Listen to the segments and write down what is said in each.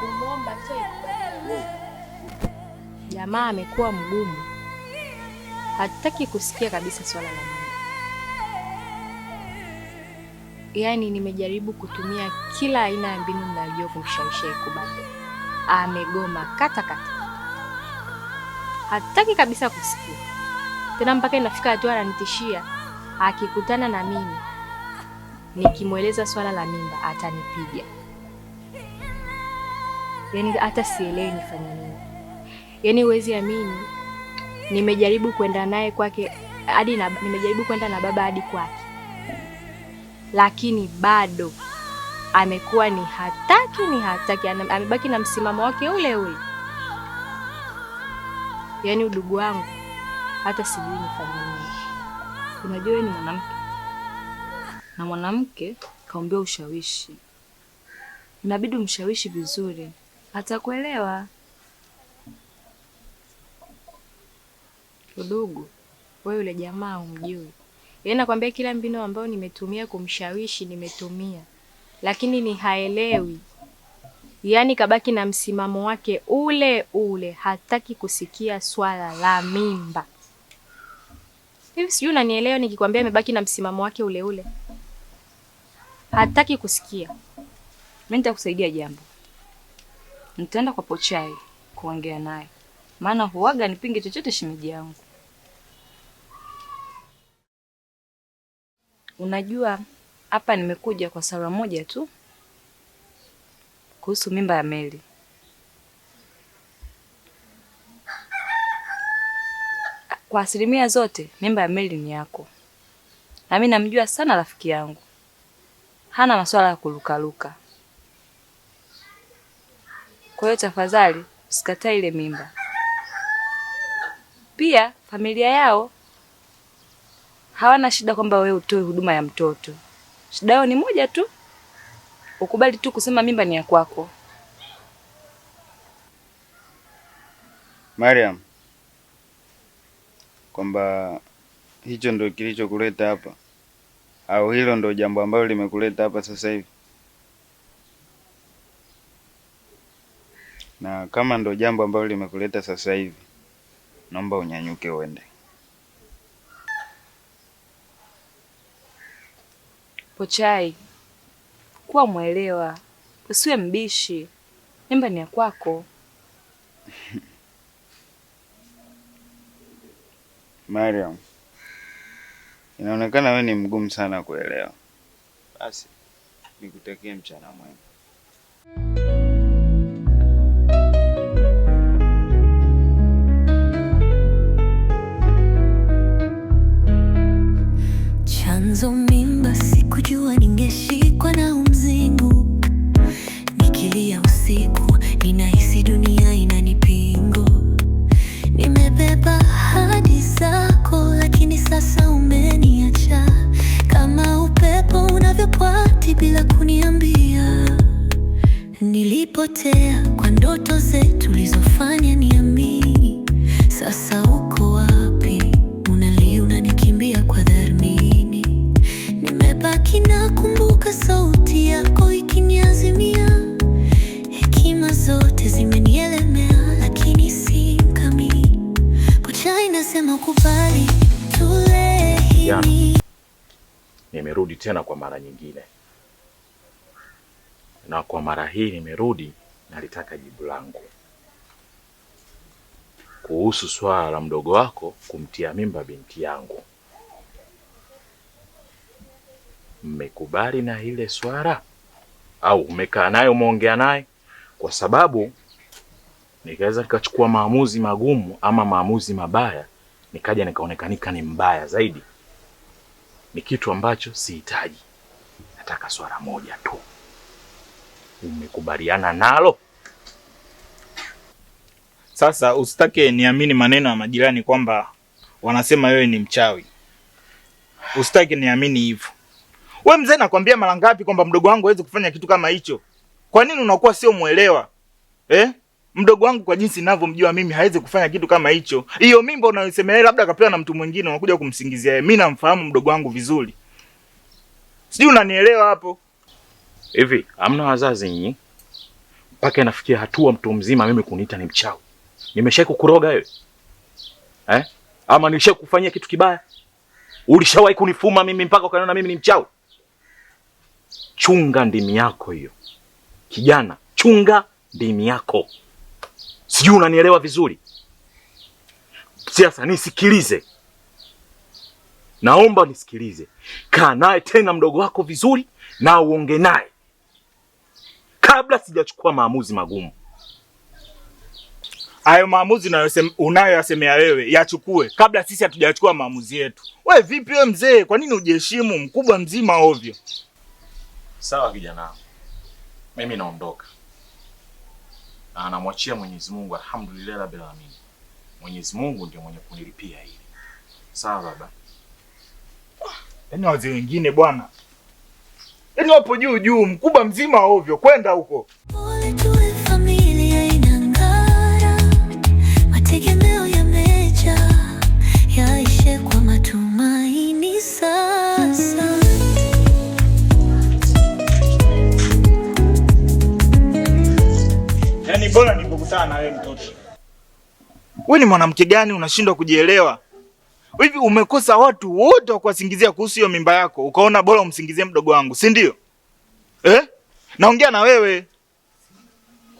kumwomba jamaa amekuwa mgumu, hataki kusikia kabisa swala la Mungu. Yaani nimejaribu kutumia kila aina ya mbinu ninayojua kumshawishi kubali, amegoma kata kata, hataki kabisa kusikia tena, mpaka inafika hatua ananitishia akikutana na mimi nikimweleza swala la mimba atanipiga yani hata sielewi nifanye nini. Yani huwezi amini, nimejaribu kwenda naye kwake hadi na, nimejaribu kwenda na baba hadi kwake, lakini bado amekuwa ni hataki ni hataki, amebaki na msimamo wake ule ule. Yani udugu wangu hata sijui nifanye nini. Unajua ni mwanamke na mwanamke kaombea ushawishi, inabidi umshawishi vizuri atakuelewa. Udugu wewe, yule jamaa umjui? Yeye nakwambia kila mbinu ambayo nimetumia kumshawishi nimetumia, lakini ni haelewi. Yaani kabaki na msimamo wake ule ule, hataki kusikia swala la mimba. Hivi sijui unanielewa nikikwambia amebaki na msimamo wake ule ule, hataki kusikia. Mimi nitakusaidia jambo Nitaenda kwa Pochai kuongea naye, maana huaga nipinge chochote shimiji yangu. Unajua, hapa nimekuja kwa sala moja tu kuhusu mimba ya Meli. Kwa asilimia zote mimba ya Meli ni yako, nami namjua sana rafiki yangu, hana masuala ya kurukaruka kwa hiyo tafadhali usikatae ile mimba. Pia familia yao hawana shida kwamba wewe utoe huduma ya mtoto. Shida yao ni moja tu, ukubali tu kusema mimba ni ya kwako. Mariam, kwamba hicho ndo kilichokuleta hapa au hilo ndo jambo ambalo limekuleta hapa sasa hivi? na kama ndo jambo ambalo limekuleta sasa hivi, naomba unyanyuke uende. Pochai, kuwa mwelewa, usiwe mbishi. Nyumba ni ya kwako. Mariam, inaonekana wewe ni mgumu sana kuelewa. Basi nikutakie mchana mwema. guess she mahojiano, nimerudi tena kwa mara nyingine, na kwa mara hii nimerudi, nalitaka jibu langu kuhusu swala la mdogo wako kumtia mimba binti yangu. Mmekubali na ile swala au umekaa naye umeongea naye? Kwa sababu nikaweza nikachukua maamuzi magumu ama maamuzi mabaya, nikaja nikaonekanika ni mbaya zaidi ni kitu ambacho sihitaji. Nataka swala moja tu, umekubaliana nalo? Sasa usitake niamini maneno ya majirani kwamba wanasema wewe ni mchawi. Usitake niamini hivyo. We mzee, nakwambia mara ngapi kwamba mdogo wangu hawezi kufanya kitu kama hicho? Kwa nini unakuwa sio mwelewa eh? Mdogo wangu kwa jinsi ninavyomjua mimi hawezi kufanya kitu kama hicho. Hiyo mimba unayosemea eh, labda kapewa na mtu mwingine unakuja kumsingizia yeye. Mimi namfahamu mdogo wangu vizuri. Sijui unanielewa hapo. Hivi, amna wazazi nyinyi? Mpaka inafikia hatua mtu mzima mimi kuniita ni mchawi. kukuroga wewe. Eh? Ama kufanyia kitu kibaya? Ulishawahi kunifuma mimi mpaka ukaniona mimi ni mchawi? Chunga ndimi yako hiyo. Kijana, chunga ndimi yako. Sijui unanielewa vizuri. Sasa nisikilize, naomba nisikilize. Kaa naye tena mdogo wako vizuri na uonge naye kabla sijachukua maamuzi magumu. Hayo maamuzi unayoyasemea wewe yachukue kabla sisi hatujachukua maamuzi yetu. We vipi we mzee, kwa nini ujiheshimu? Mkubwa mzima ovyo. Sawa kijana, mimi naondoka na ah, anamwachia Mwenyezi Mungu. Alhamdulillah rabbil alamin, Mwenyezi Mungu ndio mwenye kunilipia hili. Sawa baba. Yaani wazee wengine bwana, yaani wapo juu juu, mkubwa mzima ovyo kwenda huko Mbona nipokutana na wewe mtoto? Wewe ni mwanamke gani unashindwa kujielewa? Hivi umekosa watu wote wa kuwasingizia kuhusu hiyo mimba yako, ukaona bora umsingizie mdogo wangu, si ndio? Eh? Naongea na wewe.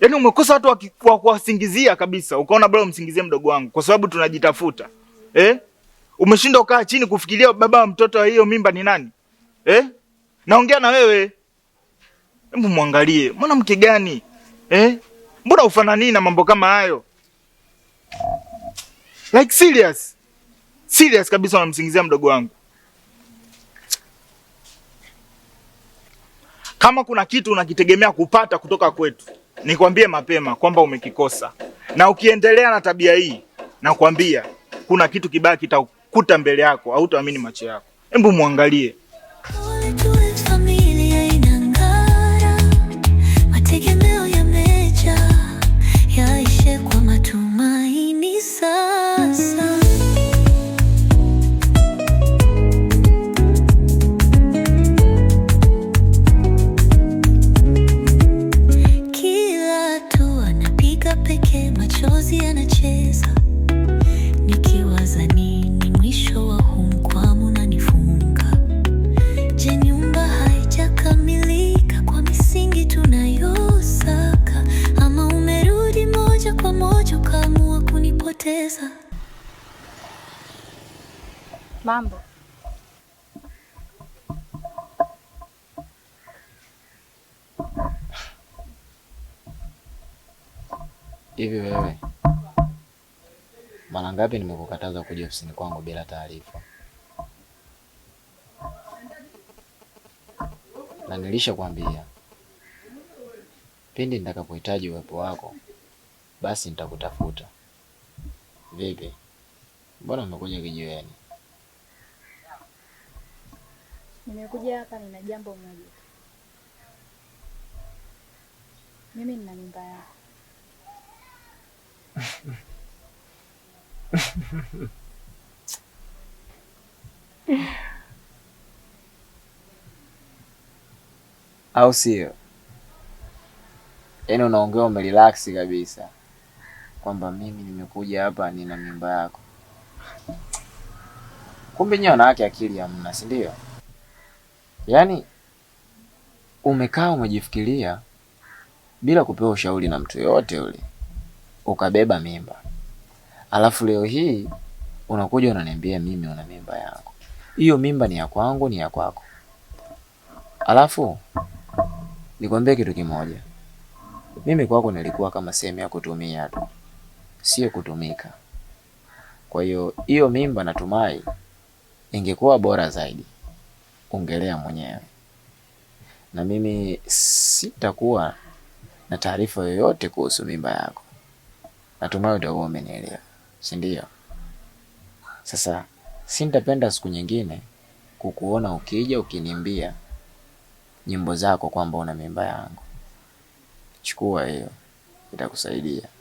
Yaani umekosa watu wa kuwasingizia kabisa, ukaona bora umsingizie mdogo wangu kwa sababu tunajitafuta. Eh? Umeshindwa kukaa chini kufikiria baba wa mtoto wa hiyo mimba ni nani? Eh? Naongea na wewe. Hebu muangalie, mwanamke gani? Eh? Mbona ufanani na mambo kama hayo? Like serious. Serious kabisa unamsingizia mdogo wangu. Kama kuna kitu unakitegemea kupata kutoka kwetu, nikwambie mapema kwamba umekikosa, na ukiendelea na tabia hii, nakwambia kuna kitu kibaya kitakuta mbele yako, hautaamini macho yako. Hebu muangalie. umeamua kunipoteza. Mambo hivi, wewe mara ngapi nimekukataza kuja ofisini kwangu bila taarifa? Na nilishakwambia pindi nitakapohitaji uwepo wako basi nitakutafuta. Vipi, mbona umekuja kijiweni? Nimekuja hapa nina jambo moja. Mimi nina mimba yako. Au sio? Yaani unaongea umerelax kabisa kwamba mimi nimekuja hapa, nina mimba yako. Kumbe nyewe wanawake akili hamna, si ndio? Yaani umekaa umejifikiria bila kupewa ushauri na mtu yoyote yule, ukabeba mimba, alafu leo hii unakuja unaniambia mimi una mimba yako. Hiyo mimba ni ya kwangu, ni ya kwako. Alafu nikwambie kitu kimoja, mimi kwako nilikuwa kama sehemu ya kutumia tu sio kutumika. Kwa hiyo hiyo mimba natumai ingekuwa bora zaidi ungelea mwenyewe, na mimi sitakuwa na taarifa yoyote kuhusu mimba yako. Natumai utakuwa umenielewa, si ndio? Sasa sintapenda siku nyingine kukuona ukija ukinimbia nyimbo zako kwamba una mimba yangu. Chukua hiyo, itakusaidia.